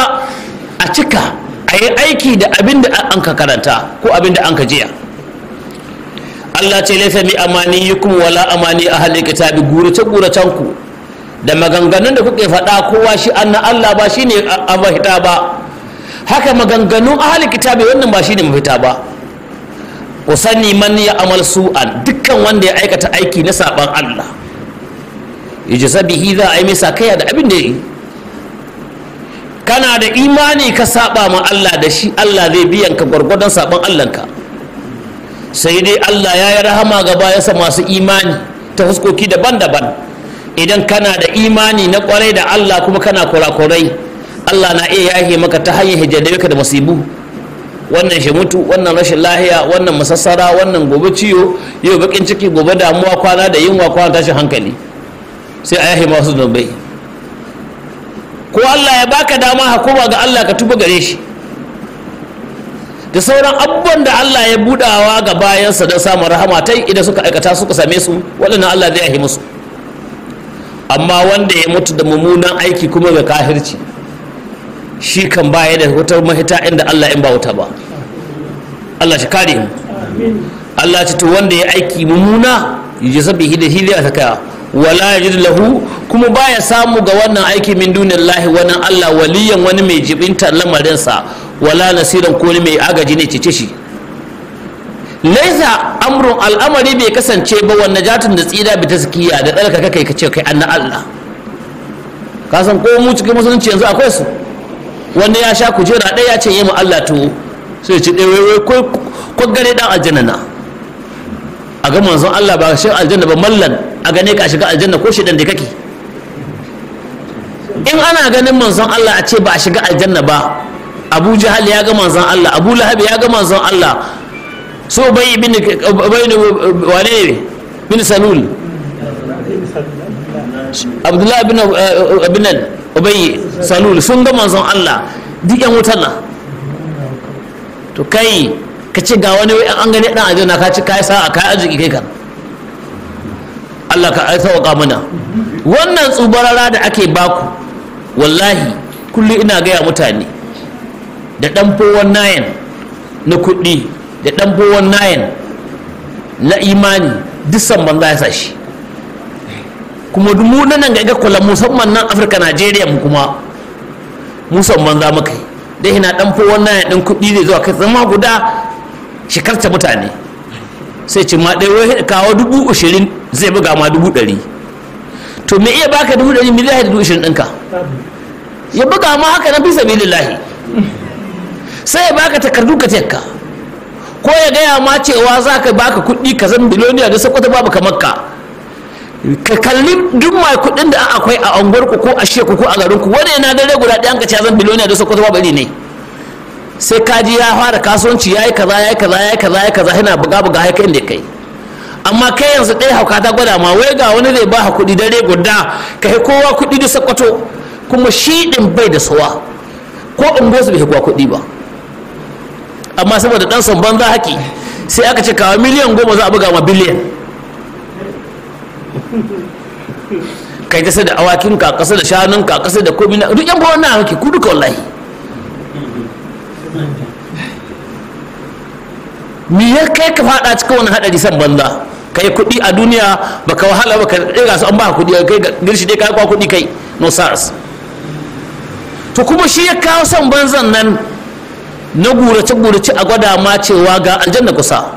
a cika a yi aiki da abin da an ka karanta ko abin da an ka jiya Allah ce laisa amani amaniyukum wala amani ahli kitabi gurace guracen ku da maganganun da kuke faɗa kowa shi anna Allah ba shine an ba hita ba haka maganganun ahli kitabi wannan ba shine mafita ba ku man ya amal su'an dukkan wanda ya aikata aiki na saban Allah yujzabihi za a yi masa kaya da abin da yi kana da imani ka saba ma Allah da shi Allah zai biyan ka gwargwadon saban Allah ka sai dai Allah ya yi rahama ga bayansa masu imani ta huskoki daban-daban idan kana da imani na kwarai da Allah kuma kana kurakurai Allah na iya yahe maka ta hanyar hijjar da da musibu wannan shi mutu wannan rashin lahiya wannan masassara wannan gobe ciwo yau bakin ciki gobe damuwa kwana da yunwa kwana tashin hankali sai a yahi masu zunubai ko allah ya baka dama hakuma ga allah ka tuba gare shi da sauran abubuwan da allah ya budawa ga bayansa don samun rahama tai idan suka aikata suka same su waɗannan allah zai yahi musu amma wanda ya mutu da mummunan aiki kuma ga kahirci shi kan baya da wata mahita inda Allah in ba wuta ba Allah shi kare mu Allah ce to wanda ya aiki mummuna sabbi da hiliya ta kaya wala yajidu lahu kuma baya samu ga wannan aiki min dunillahi wannan Allah waliyan wani mai jibinta lamarin sa wala nasiran ko mai agaji ne cece shi laisa amrun al'amari bai kasance ba wa najatun da tsira bi taskiya da dalka kai kace kai anna Allah ka san ko mu cikin musulunci yanzu akwai su wanda ya sha kujera ɗaya ya ce yi mu Allah tuwo sai ci ɗaya eh, wai ko gare ɗan aljanna na a ga manzon Allah ba shi aljanna ba mallan a gane ka shiga aljanna ko shi da kake in ana ganin manzon Allah a ce ba a shiga aljanna ba Abu Jahal ya ga manzon Allah Abu Lahab ya ga manzon Allah so bai ibn bai wane ne bin Salul Abdullah ibn Abinan eh, eh, ubayi salul sun ga manzon Allah duk yan wutan nan to kai ka ce ga wani wai an gani dan aljanna ka ci kai sa'a kai arziki kai kan Allah ka aisawaka mana wannan tsubarara da ake baku wallahi kullum ina gaya mutane da dan fowon nayan na kuɗi da dan fowon nayan na imani duk san banza ya sa shi kuma mu nan ga ga kula musamman nan afirka najeriya mu kuma musamman za muka yi dai yana dan fo wannan ya dan kuɗi zai zuwa kai zama guda shikarta mutane sai ce ma ɗaya wai kawo dubu ashirin zai buga ma dubu ɗari to me iya baka dubu ɗari me zai dubu ashirin ɗinka ya buga ma haka na fi lillahi sai ya baka takardu ka tekka ko ya gaya ma cewa za ka baka kuɗi ka zan biloniya da sakwata babu kamar ka ka kalli duk mai kuɗin da akwai a unguwarku ko a sheku ko a garinku wani yana dare guda ɗaya ka ce zan biloniya da sokoto bari ne sai ji ya fara kasuwanci ya yi kaza ya yi kaza ya yi kaza ya yi kaza yana buga buga ya kai inda kai amma kai yanzu ɗaya hauka ta gwada ma wai ga wani zai ba kuɗi dare guda ka yi kowa kuɗi da sokoto kuma shi ɗin bai da suwa ko su bai kowa kuɗi ba amma saboda ɗan son banza haƙi sai aka ce kawai miliyan goma za a buga ma biliyan kai ta sai da awakin ka kasa da shanun ka kasa da komai na duk yan bawan na hake ku duka wallahi me ya kai ka fada cikin wani hadari san banza kai kuɗi a duniya baka wahala baka daga su an ba kuɗi kai girshi dai kai kwa kudi kai no sars to kuma shi ya kawo son banzan nan na gurace gurace a gwada ma cewa ga aljanna kusa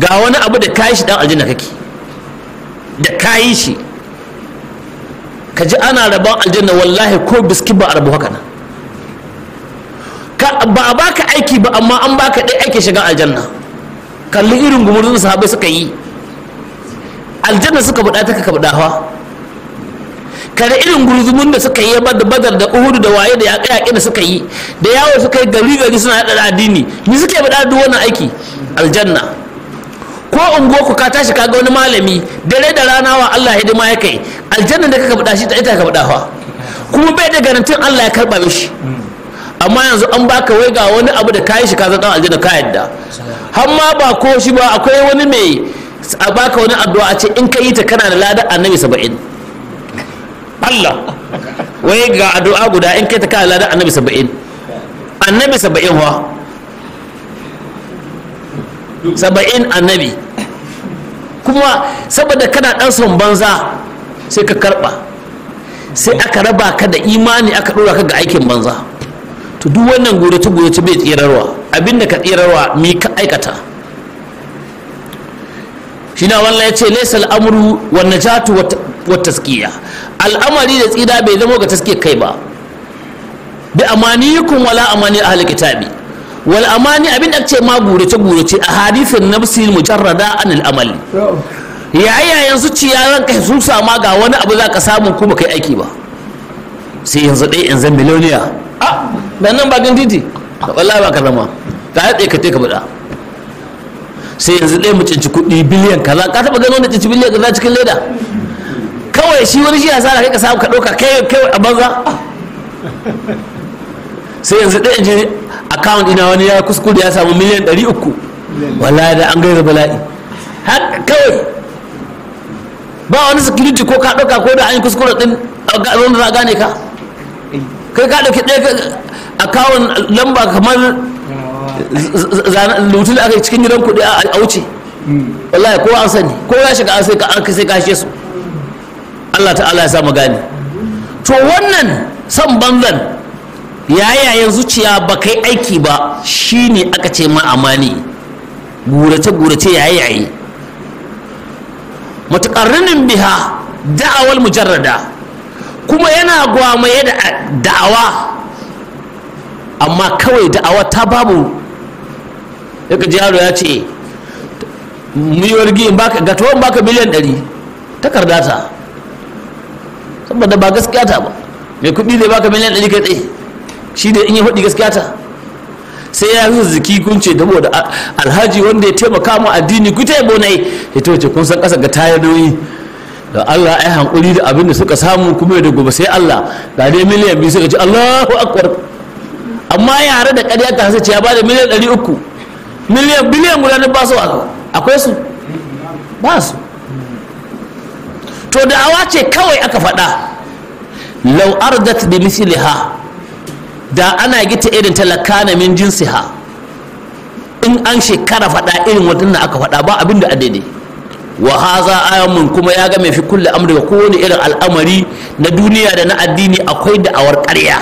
ga wani abu da kai shi dan aljanna kake da kayi shi ka ji ana rabon aljanna wallahi ko biski ba a rabu haka nan ba a baka aiki ba amma an baka ɗaya aiki shiga aljanna kalli irin gumurzun sahabai suka yi aljanna suka buɗa ta ka buɗa kada irin gurzumin da suka yi da badar da uhudu da waye da yaƙe yaƙe da suka yi da yawo suka yi gari gari suna haɗa addini ni suke buɗa duk wannan aiki aljanna ko unguwarku ka tashi kaga wani malami dare da rana wa Allah hidima ya kai aljanna da kaka faɗa shi ta ita ka faɗa fa kuma bai da garantin Allah ya karba mishi amma yanzu an baka wai ga wani abu da kayi shi ka zata aljanna ka yadda har ma ba ko shi ba akwai wani mai a baka wani addu'a a ce in ka yi ta kana da ladar annabi saba'in Allah wai ga addu'a guda in kai ta kana da ladar annabi saba'in annabi saba'in wa saba'in annabi kuma saboda kana dan son banza sai ka karba sai aka raba ka da imani aka dora ka ga aikin banza to duk wannan gurace ta bai tsirarwa abinda ka tsirarwa mi ka aikata shi na wallah ya ce laisa al'amuru wa najatu wa taskiya al'amari da tsira bai zama ga taske kai ba bi amaniyikum wala amani ahli kitabi wal amani abin da ce ma gurace gurace a hadithin nafsi mujarrada anil amali yayayen zuciya ran ka su sama ga wani abu za ka samu kuma kai aiki ba sai yanzu dai yanzu miliyoniya a dan nan bakin titi wallahi ba ka zama ka haɗe ka te ka bada sai yanzu dai mu cinci kuɗi biliyan kaza ka taɓa gano wanda cinci biliyan kaza cikin leda kawai shi wani shi hasara kai ka samu ka ɗauka kai kai a banza sai yanzu ɗaya je account ina wani ya kuskure ya samu miliyan ɗari uku wallahi da an da bala'i har kawai ba wani security ko ka ɗauka ko da an yi kuskure ɗin wanda za a gane ka kai ka ɗauki ɗaya account lamba kamar da aka yi cikin gidan kuɗi a wuce wallahi ko an sani ko ya shiga an sai ka an sai kashe su Allah ta'ala ya sa mu gane to wannan san banzan yayayen zuciya ba kai aiki ba shine aka ce ma amani gurace gurace yayaye rinin biha da'awal mujarrada kuma yana gwamaye da da'awa amma kawai da'awa ta babu daga jaro ya ce miyuwar baka ga tuwon baka miliyan 100 takardata saboda ba gaskiya ta ba mai kudi ne baka miliyan 100 kai tsaye shi da in ya faɗi gaskiya ta sai ya zuwa ziki kun ce dabo da alhaji wanda ya taimaka mu addini ku taimako yi, ya taimaka kun san ƙasa ga tayar da Allah ya hankuri da abin da suka samu kuma da gobe sai Allah ga dai miliyan biyu suka ce Allahu akbar amma yare da ƙarya ta sai ce ya ba da miliyan ɗari uku miliyan biliyan guda na ba su akwai su ba su to da awa ce kawai aka faɗa lau ardat bi misliha da ana gita irin talakana min ha in an shekara faɗa irin waɗannan aka faɗa ba abin da a wa haza ayamun kuma ya ga mai fi kulle amri ga kowane irin al'amari na duniya da na addini akwai da awar ƙarya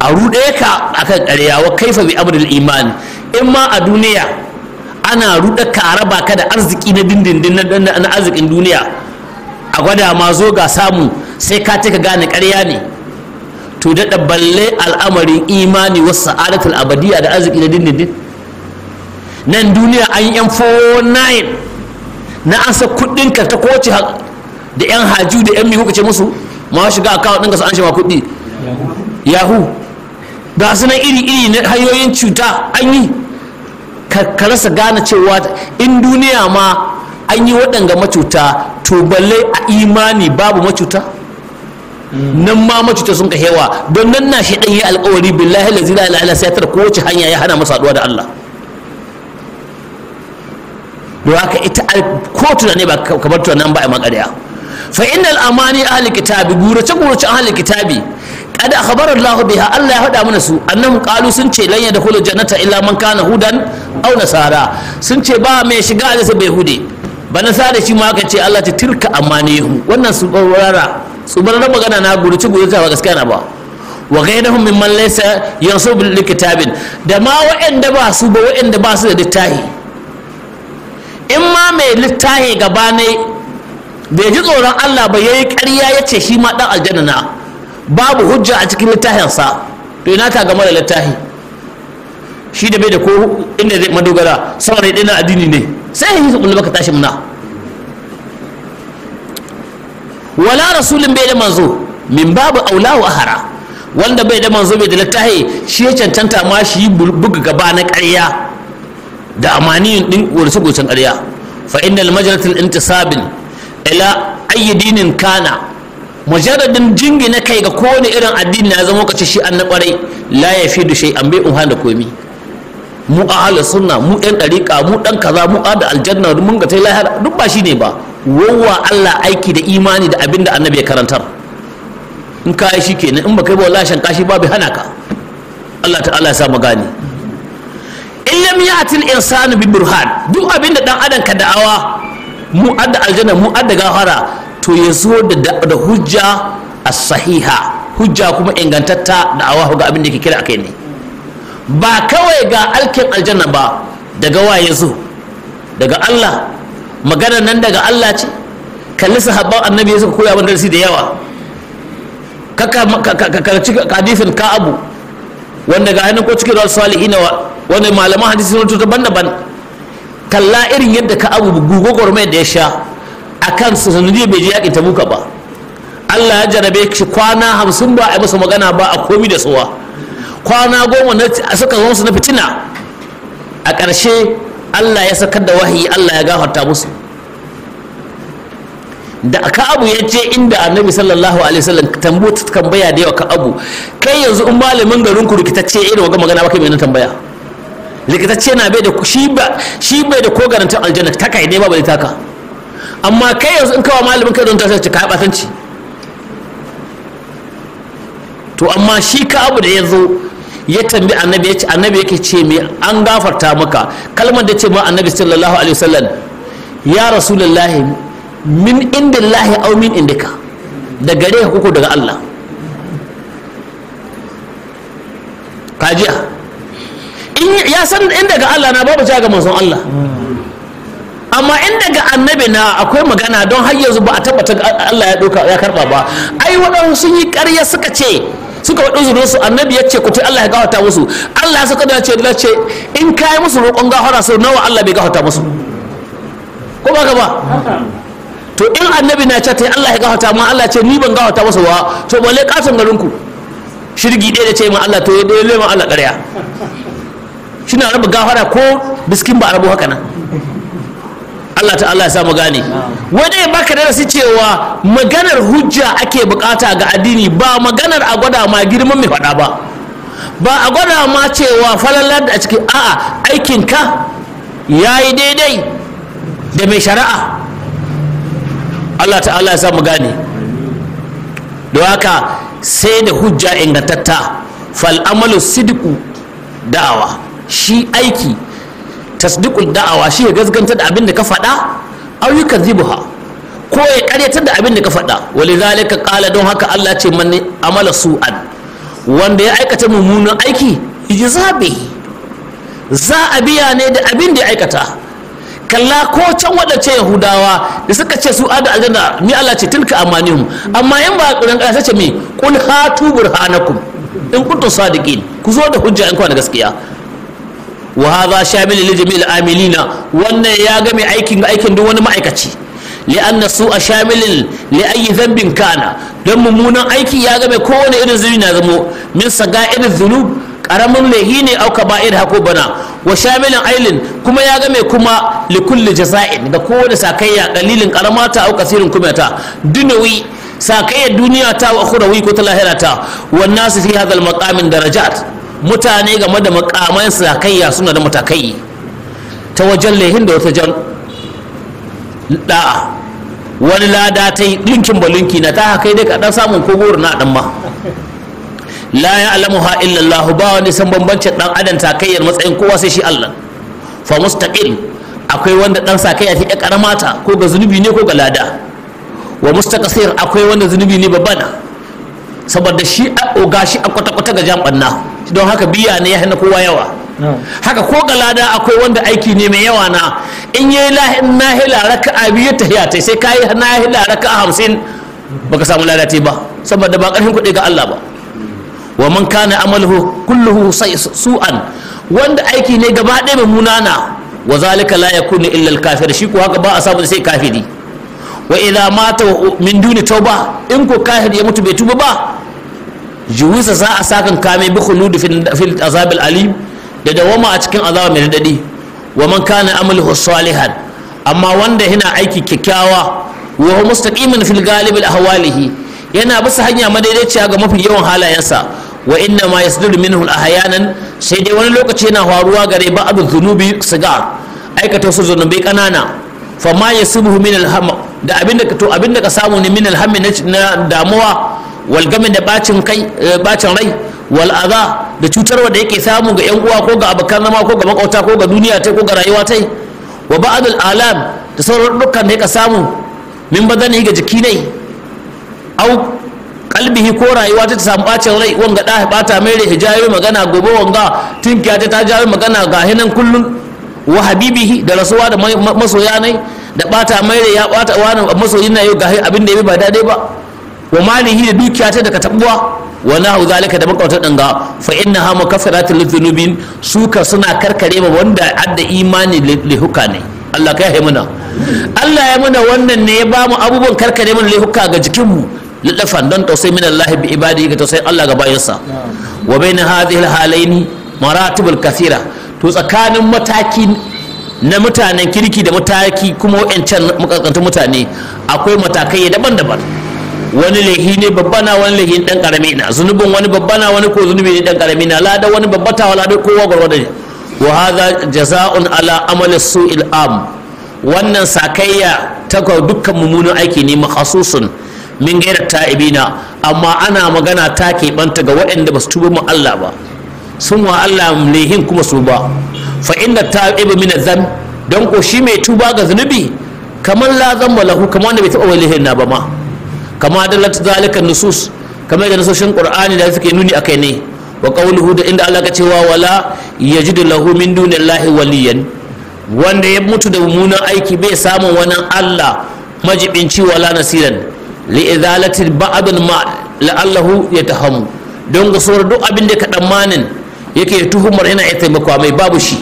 a ruɗe ka akan ƙarya wa kaifa bi imani in ma a duniya ana ruɗa ka raba ka da arziki na dindindin na arzikin duniya a gwada ma zo ga samu sai ka ce gane ƙarya ne to daɗa balle al'amarin imani wasu sa'adatul a da arziki da dindindin nan duniya an yan 419 na an kuɗin karta ko ce da yan haju da yan mihu ce musu ma shiga akawun ɗin ka su an shima kuɗi yahu ga su nan iri-iri na hanyoyin cuta an yi ka rasa gane cewa in duniya ma an yi waɗanga macuta to balle a imani babu macuta nan ma ta sun ka hewa don nan na shi ɗanyi alkawari billahi lazi la ala sai ko kowace hanya ya hana masa da Allah don haka ita ko tunani ba kamar tunanin ba a makarya fa innal amani ahli kitabi gurace gurace ahli kitabi qad akhbara Allah biha Allah ya hada mana su annahum qalu sun ce da yadkhulu jannata illa man kana hudan aw nasara sun ce ba mai shiga a sai bai hude ba nasara shi ma ka ce Allah ta tirka amanihu wannan su rara tsubarar magana na gurci gurci ba gaskiya na ba wa ghayrihum mimman laysa yansub likitabin da ma wa'anda ba su ba wa'anda ba su da littahi in ma mai littahi gaba ne bai ji tsoron Allah ba ya yi karya ya ce shi ma dan aljanna na babu hujja a cikin littahinsa to ina ka gama da littahi shi da bai da ko inda zai madogara saurayi dina addini ne sai ya yi su baka tashi muna wala rasulin bai da manzo min babu aulahu ahara wanda bai da manzo bai da littahi shi ya cancanta ma shi buga gaba na ƙarya da amaniyin din wurce gurcen ƙarya fa innal majratul intisabin ila ayi dinin kana jingi jingina kai ga kowane irin addini na zama kace shi an na ƙwarai la yafidu an bai umhan da komi mu ahlus sunna mu ɗan ɗariƙa mu ɗan kaza mu ada aljanna mun ga tai lahira duk ba shi ne ba wawwa Allah aiki da imani da abin da annabi ya karantar in ka yi shi kenan in ba kai ba wala shan kashi babu hana ka Allah ta'ala ya samu gani. gane in lam ya'til insanu bi burhan duk abin da dan adam ka da'awa mu adda aljanna mu adda gafara to ya zo da hujja as-sahiha hujja kuma ingantatta da'awa ga abin da yake kira akai ne ba kawai ga alkin aljanna ba daga waye zo daga Allah maganar nan daga Allah ce kalli sahabban annabi ya suka koya wani darasi da yawa ka karci ka abu wanda ga hannun ko cikin rasu na wani malaman hadisi sun tuta daban kalla irin yadda ka abu gugu mai da ya sha a kan sanadi bai je ta tabuka ba Allah ya jarabe shi kwana hamsin ba a yi masa magana ba a komi da tsuwa kwana goma suka zo su na fitina a ƙarshe Allah ya sakar da wahayi Allah ya gafarta musu da ka'abu ya je inda annabi sallallahu alaihi wasallam tambuta tambaya da yawa ka'abu kai yanzu in malamin garin ku rikitacce irin magana magana kai mai tambaya rikitacce na bai da shi ba shi bai da ko garantin aljanna ta kai ne ba bai taka amma kai yanzu in kawo malamin kai don ta sai ka batanci to amma shi ka'abu da ya zo ya tambi annabi ya ce annabi yake ce me an gafarta maka kalmar da ce ma annabi sallallahu alaihi wasallam ya rasulullahi min indillahi aw min indika da gare ka kuku daga Allah kajiya in ya san in daga Allah na babu ga manzon Allah amma in daga annabi na akwai magana don har yanzu ba a tabbata Allah ya doka ya karba ba ai waɗansu sun yi ƙarya suka ce suka faɗi uzurin su annabi ya ce ku Allah ya gafarta musu Allah ya saka da ce da ce in kai musu roƙon gafara sau nawa Allah bai gafarta musu ko ba ka ba to in annabi na ce ta Allah ya gafarta mu Allah ce ni ban gafarta musu ba to balle katon garin ku shirgi ɗaya da ce ma Allah to ya dole ma Allah ƙarya shi na rabu gafara ko biskin ba a rabu haka nan Allah ta'ala ya samu gane Wani ya baka darasi cewa maganar hujja ake bukata ga addini ba maganar a gwada ma girman mai faɗa ba ba a gwada ma cewa falalar a cikin a'a aikinka ya yi daidai da mai shari'a Allah ta'ala ya samu gane don haka sai da hujja ingantatta fal'amalu amalu da'awa shi aiki tasdiqul da'awa shi ya gaskanta da abin da ka faɗa aw yukadhibuha ko ya karyata da abin da ka faɗa walidhalika qala don haka Allah ce man amala su'an wanda ya aikata mummunan aiki ijzabihi za a biya ne da abin da ya aikata kalla ko can waɗance yahudawa da suka ce su ada aljanna ni Allah ce tilka amanihum amma in ba ƙuran ƙasa ce me qul hatu burhanakum in kuntum sadiqin ku zo da hujja in kuna gaskiya wa hadha shamil li jami'il amilina wannan ya ga mai aikin aikin duk wani ma'aikaci li'anna a shamilin li ayi dhanbin kana don mummunan aiki ya ga mai kowane irin zuri na zamo min irin dhunub karamin lahi ne auka ba'ir hako bana wa shamilin ailin kuma ya game kuma kulli jaza'in ga kowane sakayya kalilin karamata au kasirin kumata dunawi sakayyar duniya ta wa akhirawi ko ta lahira ta wannan su fi hadal maqamin darajat mutane game da makaman sakayya suna da matakai ta wajen lehin da wata jan da'a wani lada ta yi linkin na ta haka yi daga dan samun kogoro na dan ma la ya alamu ha illallahu ba wani san bambancin dan adam sakayyar matsayin kowa sai shi Allah fa mustaqil akwai wanda dan sakayya ta karamata ko ga zunubi ne ko ga lada wa mustaqsir akwai wanda zunubi ne babana saboda shi a oga shi a kwata-kwata ga jam'an na don haka biya ne ya hana kowa yawa haka ko ga lada akwai wanda aiki ne mai yawa na in yi nahila raka a biyu ta ta sai ka yi nahila raka a hamsin baka samu lada ba saboda ba karfin kuɗi ga Allah ba wa man kana amaluhu kulluhu su'an wanda aiki ne gaba ɗaya mai munana wa zalika la yakunu illa al-kafir shi ko haka ba a samu sai kafiri wa ila mata min duni tauba in ko kahir ya mutu bai tuba ba juwisa za a sakan kame bi khulud fil azab al alim da dawama a cikin azaba mai dadi wa man kana amaluhu salihan amma wanda yana aiki kyakkyawa wa mustaqimin fil galib al ahwalihi yana bisa hanya madaidaiciya ga mafi yawan halayensa wa inna ma a minhu ahyanan sai dai wani lokaci yana faruwa gare ba'd dhunubi sigar aikata su zunubai kanana fa ma ya subuhu min alham da abinda to abinda ka samu ne min alhammi na damuwa wal gamin da bacin kai eh, bacin rai wal aza da cutarwa da yake samu ga yan uwa ko ga abokan zama ko ga makauta ko ga duniya tai ko ga rayuwa tai wa ba'd al alam da sauran dukkan da ka samu min badani ga jiki ne au kalbihi ko rayuwa ta samu bacin rai wanga da bata mai rai hijabi magana gobe wanga tinkiya ta ta jawo magana ga hinan kullun wa habibihi da rasuwa da masoya da bata mai da ya bata wani masoyin na yau gahi abin da ya ba daidai ba wa malihi da dukiya ta daga tabuwa wa hau zalika da ɗan danga fa inna ha mukaffiratul lidhunubin suka suna karkare ba wanda adda imani huka ne Allah kai muna Allah ya muna wannan ne ya bamu abubuwan karkare mana huka ga jikinmu ladafan don tausayi min Allah bi ibadi ga tausayi Allah ga bayansa wa baina hadhihi al-halaini maratibul kathira to tsakanin mataki na mutanen kirki da mataki kuma wa'ancan makaskantun mutane akwai matakai daban-daban wani lahi ne babba na wani lahi dan karami na zunubin wani babba na wani ko zunubi ne dan karami na lada wani babba ta wala dai, kowa gwargwado ne wa hadha jaza'un ala amali su'il am wannan sakayya ta dukkan mummunan aiki ne makhasusun min gaira ta'ibina amma ana magana ta keɓanta ga waɗanda ba su tuba mu Allah ba sun wa Allah lehin kuma su ba fa inna ta'ibu min zan dan ko shi mai tuba ga zunubi kamar la zamba lahu kamar wanda bai taba walihin na ba ma kama dalat zalika nusus kamar da nasoshin qur'ani da suke nuni akai ne wa qawluhu da inda Allah ka cewa wala yajidu lahu min dunillahi waliyan wanda ya mutu da mummunan aiki bai samu wani Allah majibinci wala nasiran izalati ba'd ma la'allahu yatahamu don ga duk abin da ka tsammanin yake tuhumar yana iya taimakawa mai babu shi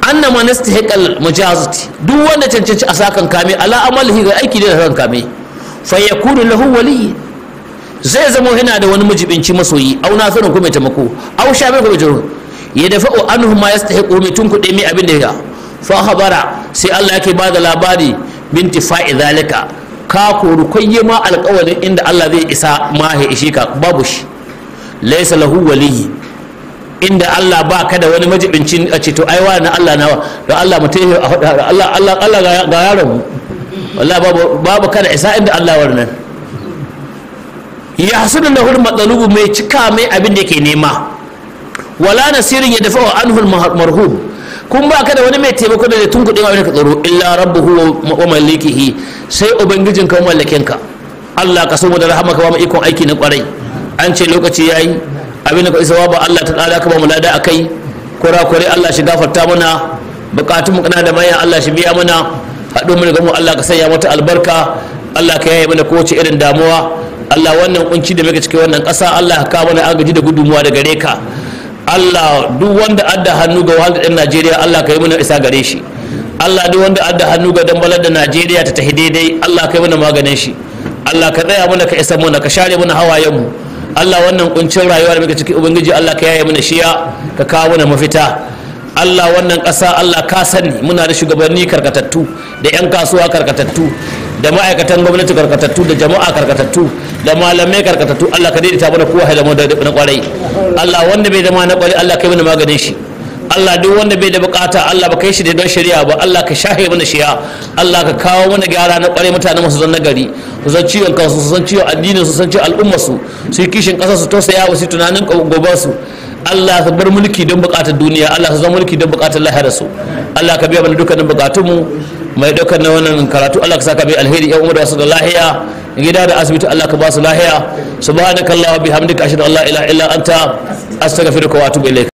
anna man istihqal mujazati duk wanda cancanci a sakan kame ala amalihi ga aiki da sakan kame fa yakunu lahu wali zai zama yana da wani mujibinci masoyi au nasirin ko mai taimako au shabe ko mai ya dafa o anhu ma yastahiqu mai tunkuɗe mai abin da ya fa habara sai Allah yake bada labari binti fa'i zalika ka koru kwayye ma alƙawarin inda Allah zai isa ma ya ishe ka babu shi laysa lahu waliyyi inda Allah ba ka da wani majibinci a ce to ai na Allah nawa don Allah mutum a faɗi Allah Allah Allah ga yaron mu wallahi babu babu kada isa inda Allah nan. ya hasudu na hurma dalubu mai cika mai abin da yake nema wala nasirin ya dafa wa anhul marhum kun ba ka da wani mai taimako da tun kuɗin abin ka tsaro illa rabbuhu wa malikihi sai ubangijin ka mallakin ka Allah ka so mu da rahama ka ba mu ikon aiki na kwarai an ce lokaci yayi abin da ka isa ba Allah ta tsada ka ba mu lada akai Allah shi gafarta mana bukatun mu kana da mayan Allah shi biya mana haɗu mu gamu Allah ka sanya mata albarka Allah ka yaye mana kowace irin damuwa Allah wannan kunci da muke cike wannan ƙasa Allah ka kawo mana agaji da gudunmuwa da gare ka Allah duk wanda adda hannu ga wahal ɗan Najeriya Allah ka yi mana isa gare shi Allah duk wanda adda hannu ga dambalar da Najeriya ta tahi daidai Allah ka yi mana maganin shi Allah ka tsaya mana ka isa mana ka share mana hawayenmu. mu Allah wannan kuncin rayuwa da muke ciki ubangiji Allah ka yaye mana shiya ka kawo mana mafita Allah wannan ƙasa Allah ka sani muna da shugabanni karkatattu da 'yan kasuwa karkatattu da ma'aikatan gwamnati karkatattu da jama'a karkatattu da malamai karkatattu Allah ka daidaita mana kowa mu zama na kwarai Allah wanda bai zama na kwarai Allah kai mana maganin shi Allah duk wanda bai da bukata Allah ba kai shi da don shari'a ba Allah ka shahe mana shiya Allah ka kawo mana gyara na kwarai mutane masu zan nagari su san ciwon kansu su san ciwon addinin su san ciwon al'umma su su yi kishin kasa su tausaya wa su tunanin gobe su Allah ka bar mulki don bukatar duniya Allah ka zama mulki don bukatar lahira su Allah ka biya mana dukkanin mu, mai dukkan na wannan karatu Allah ka saka mai alheri yan umar da wasu da lahiya gida da asibiti Allah ka ba su lahiya subhanakallahumma bihamdika ashhadu an la ilaha illa anta astaghfiruka wa atubu ilaik